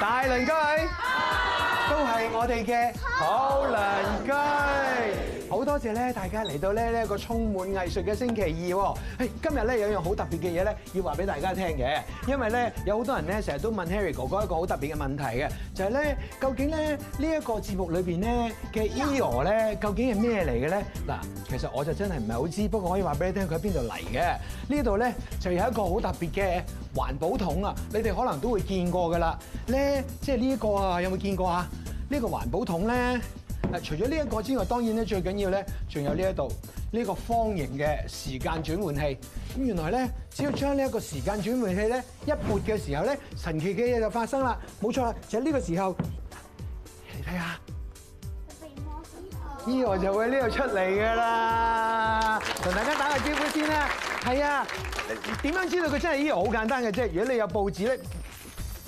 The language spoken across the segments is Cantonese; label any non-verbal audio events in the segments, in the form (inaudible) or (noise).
大鄰居，都係我哋嘅好鄰居。好多謝咧，大家嚟到咧呢一個充滿藝術嘅星期二喎！今日咧有一樣好特別嘅嘢咧，要話俾大家聽嘅，因為咧有好多人咧成日都問 Harry 哥哥一個好特別嘅問題嘅，就係咧究竟咧呢一個節目裏面咧嘅 Ero 咧究竟係咩嚟嘅咧？嗱，其實我就真係唔係好知，不過可以話俾你聽，佢喺邊度嚟嘅？呢度咧就有一個好特別嘅環保桶啊！你哋可能都會見過㗎啦，咧即係呢一個啊，有冇見過啊？呢、呢個環保桶咧。除咗呢一個之外，當然咧最緊要咧，仲有呢一度呢個方形嘅時間轉換器。咁原來咧，只要將呢一個時間轉換器咧一撥嘅時候咧，神奇嘅嘢就發生啦。冇錯，就係呢個時候，你睇下，呢個就會呢度出嚟噶啦。同大家打個招呼先啦。係 (music) 啊，點樣知道佢真係呢個？好簡單嘅啫。如果你有報紙咧。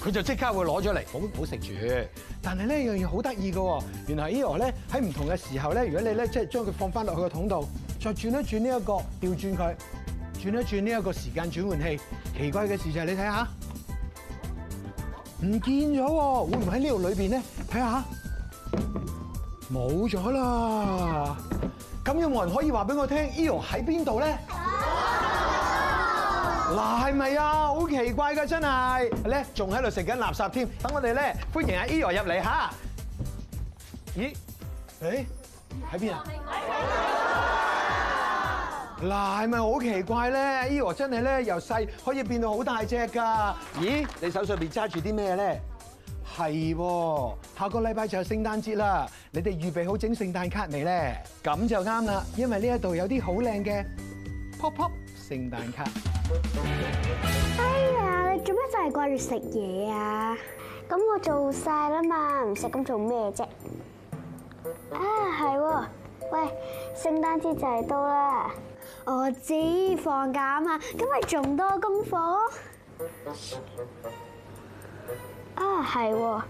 佢就即刻會攞咗嚟，好好食住。但係呢樣嘢好得意嘅喎，原來 Eo 咧喺唔同嘅時候咧，如果你咧即係將佢放翻落去個桶度，再轉一轉呢一個，調轉佢，轉一轉呢一個時間轉換器。奇怪嘅事就係你睇下，唔見咗喎，會唔會喺呢度裏邊咧？睇下，冇咗啦。咁有冇人可以話俾我聽，Eo 喺邊度咧？嗱，係咪啊？好奇怪㗎真係，咧仲喺度食緊垃圾添。等我哋咧，歡迎阿 Ero 入嚟吓！咦？誒，喺邊啊？嗱，係咪好奇怪咧？Ero 真係咧，由細可以變到好大隻㗎。咦？你手上邊揸住啲咩咧？係。下個禮拜就係聖誕節啦，你哋預備好整聖誕卡未咧？咁就啱啦，因為呢一度有啲好靚嘅 pop pop 聖誕卡。哎呀，你做咩就係掛住食嘢啊？咁我做晒啦嘛，唔食咁做咩啫？啊係喎，喂，聖誕節就嚟到啦！我知放假啊嘛，咁咪仲多功課。啊係喎，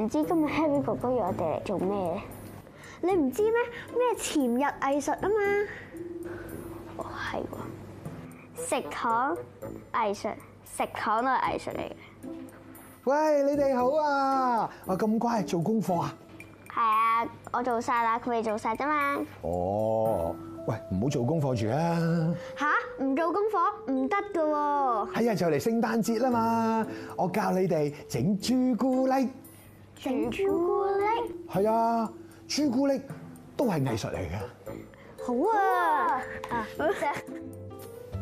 唔知今日 Harry 哥哥約我哋嚟做咩？你唔知咩咩潛入藝術啊嘛？哦係喎。食糖藝術，食糖都係藝術嚟嘅。喂，你哋好啊！啊咁乖，做功課啊？係啊，我做晒啦，佢未做晒啫嘛。哦，喂，唔好做功課住啊！吓？唔做功課唔得噶喎。啊哎啊，就嚟聖誕節啦嘛，我教你哋整朱古力。整朱古力。係啊，朱古力都係藝術嚟嘅。好啊，啊，好食！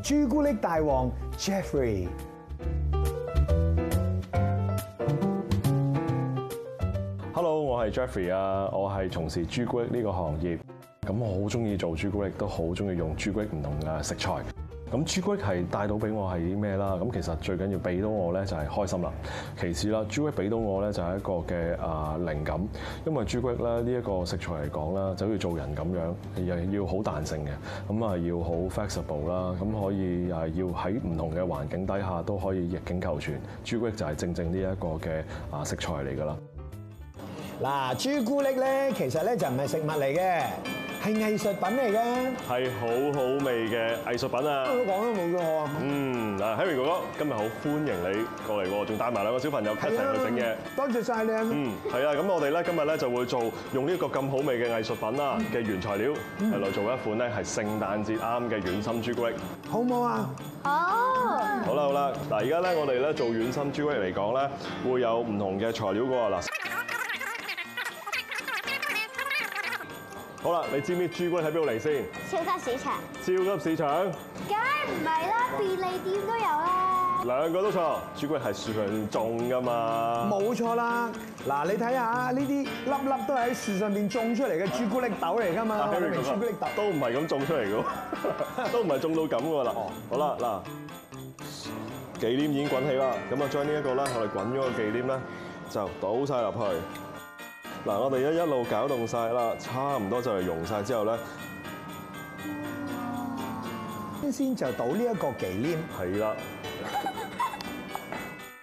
朱古力大王 Jeffrey，Hello，我係 Jeffrey 啊，我係從事朱古力呢個行業，噉我好鍾意做朱古力，都好鍾意用朱古力唔同嘅食材。咁朱古力係帶到俾我係啲咩啦？咁其實最緊要俾到我咧就係、是、開心啦。其次啦，朱古力俾到我咧就係、是、一個嘅啊、呃、靈感，因為朱古力咧呢一、這個食材嚟講咧，就好似做人咁樣，又要好彈性嘅，咁啊要好 flexible 啦、嗯，咁可以要喺唔同嘅環境底下都可以逆境求存。朱古力就係正正呢一個嘅啊食材嚟㗎啦。嗱，朱古力咧，其實咧就唔係食物嚟嘅，係藝術品嚟嘅，係好好味嘅藝術品啊！都講咗冇㗎喎。嗯，嗱，Harry 哥哥今日好歡迎你過嚟喎，仲帶埋兩個小朋友一齊去整嘅。多謝晒你對。嗯，係啊，咁我哋咧今日咧就會做用呢個咁好味嘅藝術品啦嘅原材料嚟做一款咧係聖誕節啱嘅軟心朱古力好好好的好的。好唔好啊！好。好啦好啦，嗱，而家咧我哋咧做軟心朱古力嚟講咧，會有唔同嘅材料喎嗱。好啦，你知唔知朱古力喺邊度嚟先？超級市場。超級市場？梗唔係啦，便利店都有啊。兩個都錯，朱古力係樹上面種噶嘛？冇錯啦，嗱你睇下呢啲粒粒都係喺樹上面種出嚟嘅朱古力豆嚟噶嘛？朱古力豆？都唔係咁種出嚟噶，都唔係種到咁噶啦。好啦，嗱忌廉已經滾起啦，咁啊將呢一個咧，我哋滾咗個忌廉咧，就倒晒入去。嗱，我哋一一路搞動晒啦，差唔多就嚟溶晒之後咧，先先就倒呢一個忌廉，係啦，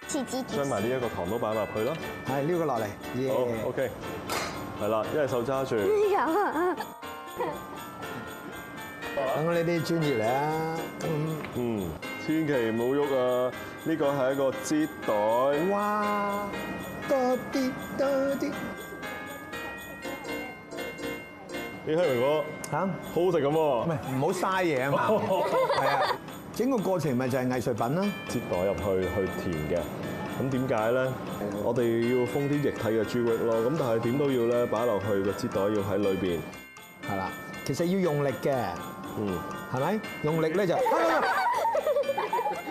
將埋呢一個糖都擺埋去咯，係，撩佢落嚟，OK，係啦，一手揸住，等我呢啲專業嚟啊，嗯，千祈唔好喐啊，呢個係一個唧袋，哇，多啲，多啲。啲黑蘋果嚇，好好食咁喎！唔係，唔好嘥嘢啊嘛，係啊，整個過程咪就係藝術品啦。摺袋入去去填嘅，咁點解咧？我哋要封啲液體嘅朱古力咯，咁但係點都要咧，擺落去個摺袋要喺裏邊。係啦，其實要用力嘅，嗯，係咪用力咧就？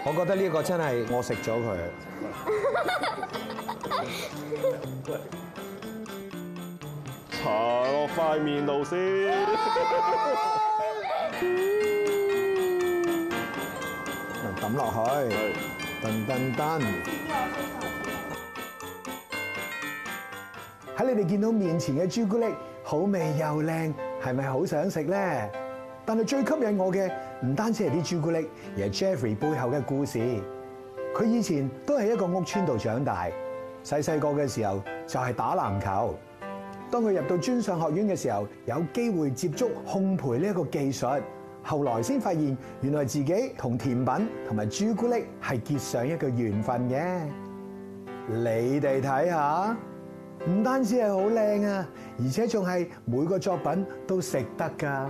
我覺得呢個真係我食咗佢。爬落塊面度先，抌落 (laughs) 去，噔噔噔。喺你哋見到面前嘅朱古力好，好味又靚，係咪好想食咧？但係最吸引我嘅唔單止係啲朱古力，而係 Jeffrey 背後嘅故事。佢以前都喺一個屋村度長大，細細個嘅時候就係打籃球。當佢入到專上學院嘅時候，有機會接觸烘焙呢個技術，後來先發現原來自己同甜品同埋朱古力係結上一個緣分嘅。你哋睇下，唔單止係好靚啊，而且仲係每個作品都食得噶。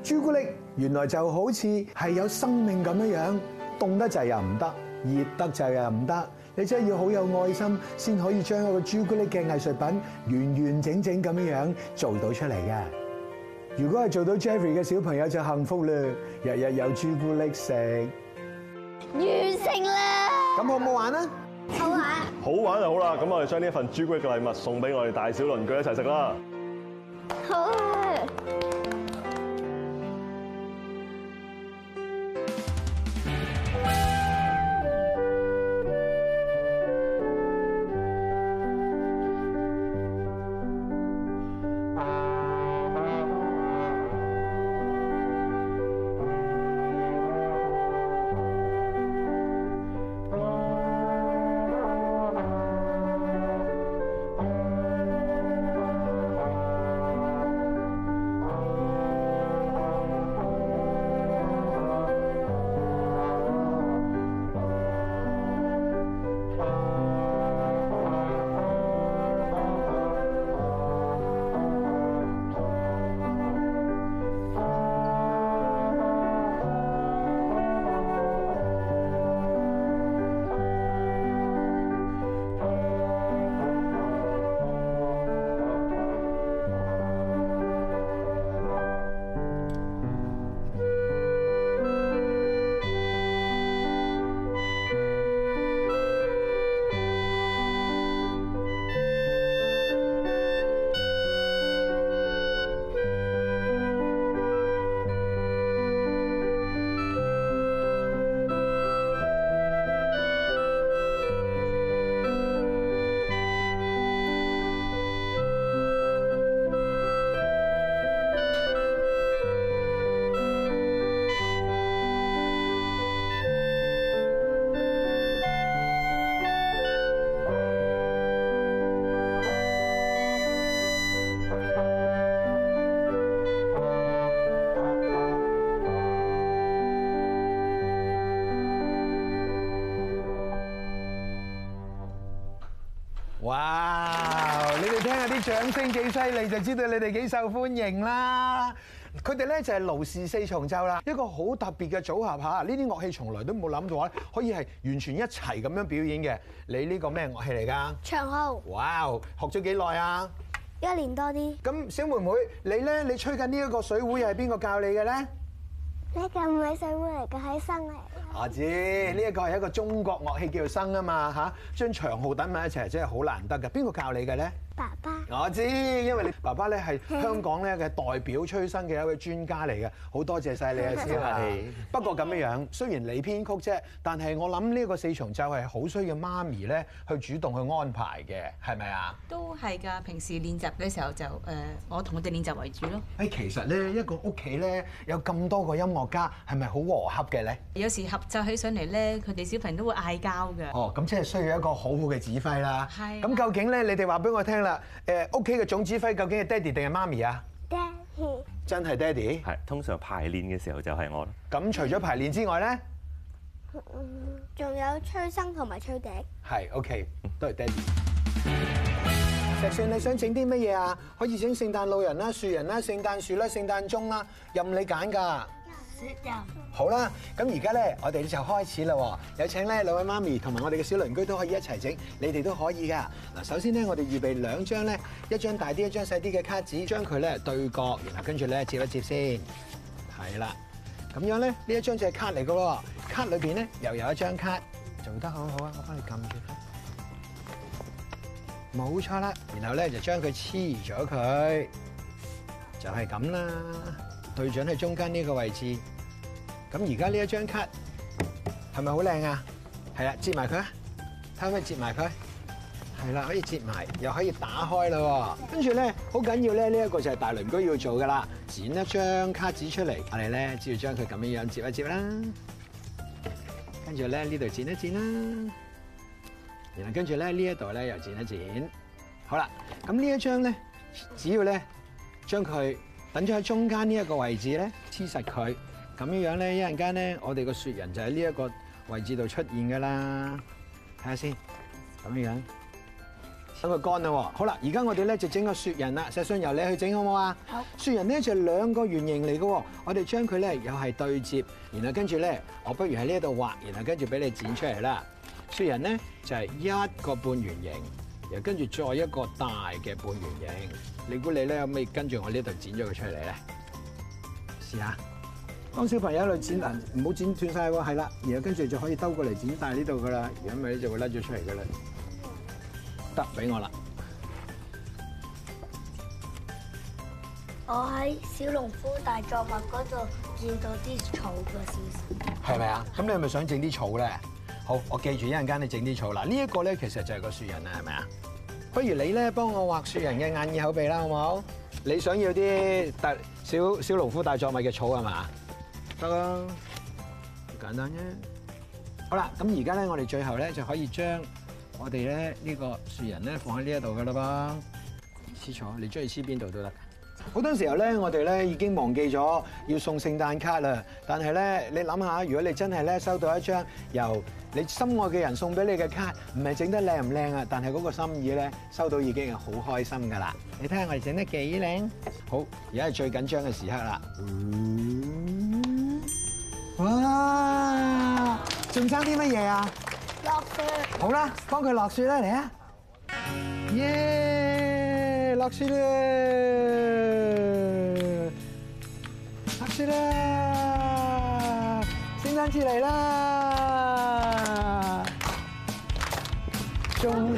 朱古力原來就好似係有生命咁樣，凍得滯又唔得，熱得滯又唔得。你真係要好有愛心，先可以將一個朱古力嘅藝術品完完整整咁樣做，做到出嚟嘅。如果係做到 Jerry 嘅小朋友就幸福啦，日日有朱古力食。完成啦！咁好唔好玩啊？好玩。好玩就好啦。咁我哋將呢一份朱古力嘅禮物送俾我哋大小鄰居一齊食啦。好。掌聲幾犀利，就知道你哋幾受歡迎啦！佢哋咧就係勞氏四重奏啦，一個好特別嘅組合嚇。呢啲樂器從來都冇諗過可以係完全一齊咁樣表演嘅。你呢個咩樂器嚟㗎？長號。哇！學咗幾耐啊？一年多啲。咁小妹妹，你咧你吹緊呢一個水壺又係邊個教你嘅咧？呢個唔係水壺嚟㗎，係笙嚟。我、啊、知呢一個係一個中國樂器叫做笙啊嘛嚇。將長號等埋一齊真係好難得㗎。邊個教你嘅咧？爸爸，我知，因為你爸爸咧係香港咧嘅代表催生嘅一位專家嚟嘅，好多謝晒你啊，先生的。不過咁嘅樣，雖然你編曲啫，但係我諗呢一個四重奏係好需要媽咪咧去主動去安排嘅，係咪啊？都係㗎，平時練習嘅時候就誒，我同佢哋練習為主咯。誒，其實咧一個屋企咧有咁多個音樂家，係咪好和洽嘅咧？有時合奏起上嚟咧，佢哋小朋友都會嗌交嘅。哦，咁即係需要一個好好嘅指揮啦。係的。咁究竟咧，你哋話俾我聽啦，誒屋企嘅總指揮究竟係爹地定係媽咪啊？爹真係爹地，係通常排練嘅時候就係我咯。咁除咗排練之外咧，仲有吹笙同埋吹笛，係 OK，都係爹地。石善，你想整啲乜嘢啊？可以整聖誕老人啦、樹人啦、聖誕樹啦、聖誕鐘啦，任你揀㗎。好啦，咁而家咧，我哋就開始啦。有請咧兩位媽咪同埋我哋嘅小鄰居都可以一齊整，你哋都可以噶。嗱，首先咧，我哋預備兩張咧，一張大啲，一張細啲嘅卡紙，將佢咧對角，然後跟住咧摺一摺先。係啦，咁樣咧，呢一張就係卡嚟噶咯，卡裏邊咧又有一張卡，做得好好啊！我幫你撳住，冇錯啦。然後咧就將佢黐咗佢，就係咁啦。就是去長喺中間呢個位置，咁而家呢一張卡係咪好靚啊？係啦，折埋佢，睇可唔可以折埋佢？係啦，可以折埋，又可以打開啦。跟住咧，好緊要咧，呢一個就係大鄰居要做嘅啦。剪一張卡紙出嚟，我哋咧只要將佢咁樣樣折一折啦，跟住咧呢度剪一剪啦，然後跟住咧呢一度咧又剪一剪。好啦，咁呢一張咧，只要咧將佢。等咗喺中間呢一個位置咧，黐實佢咁樣樣咧，一陣間咧，我哋個,、哦、個雪人就喺呢一個位置度出現噶啦。睇下先，咁樣樣等佢乾啦。好啦，而家我哋咧就整個雪人啦。石信由你去整好唔好啊？好。好雪人咧就係、兩個圓形嚟噶、哦，我哋將佢咧又係對接。然後跟住咧，我不如喺呢度畫，然後跟住俾你剪出嚟啦。雪人咧就係、係、一個半圓形，然後跟住再一個大嘅半圓形。你估你咧可唔可以跟住我這剪出來呢度剪咗佢出嚟咧？試下，當小朋友嚟剪唔好、嗯、剪斷晒喎。係啦，然後跟住就可以兜過嚟剪大呢度噶啦。而家咪就會甩咗出嚟噶啦。得俾、嗯、我啦。我喺小農夫大作物嗰度見到啲草嘅先生，係咪啊？咁你係咪想整啲草咧？好，我記住一陣間你整啲草。嗱，呢一個咧其實就係個雪人啦，係咪啊？不如你咧幫我畫雪人嘅眼耳口鼻啦，好唔好？你想要啲大小小農夫大作物嘅草係嘛？得啦，簡單啫。好啦，咁而家咧，我哋最後咧就可以將我哋咧呢個雪人咧放喺呢一度㗎啦噃。黐咗，你中意黐邊度都得。好多時候咧，我哋咧已經忘記咗要送聖誕卡啦。但係咧，你諗下，如果你真係咧收到一張由你心愛嘅人送俾你嘅卡，唔係整得靚唔靚啊？但係嗰個心意咧，收到已經係好開心噶啦！你睇下我哋整得幾靚？好，而家係最緊張嘅時刻啦！嗯，哇！仲爭啲乜嘢啊？落雪！好啦，幫佢落雪啦，嚟啊！耶！落雪啦！落雪啦！聖誕節嚟啦！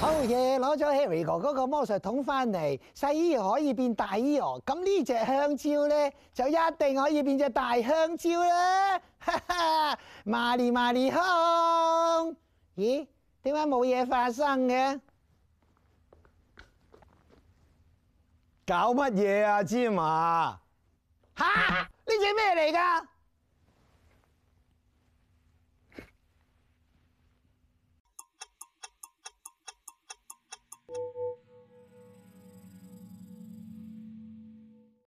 好嘢！攞咗 Harry 哥哥個魔術桶翻嚟，細腰可以變大腰，咁呢隻香蕉咧就一定可以變隻大香蕉啦！哈哈，麻利麻利空！咦，點解冇嘢發生嘅？搞乜嘢啊，芝麻？吓，呢隻咩嚟噶？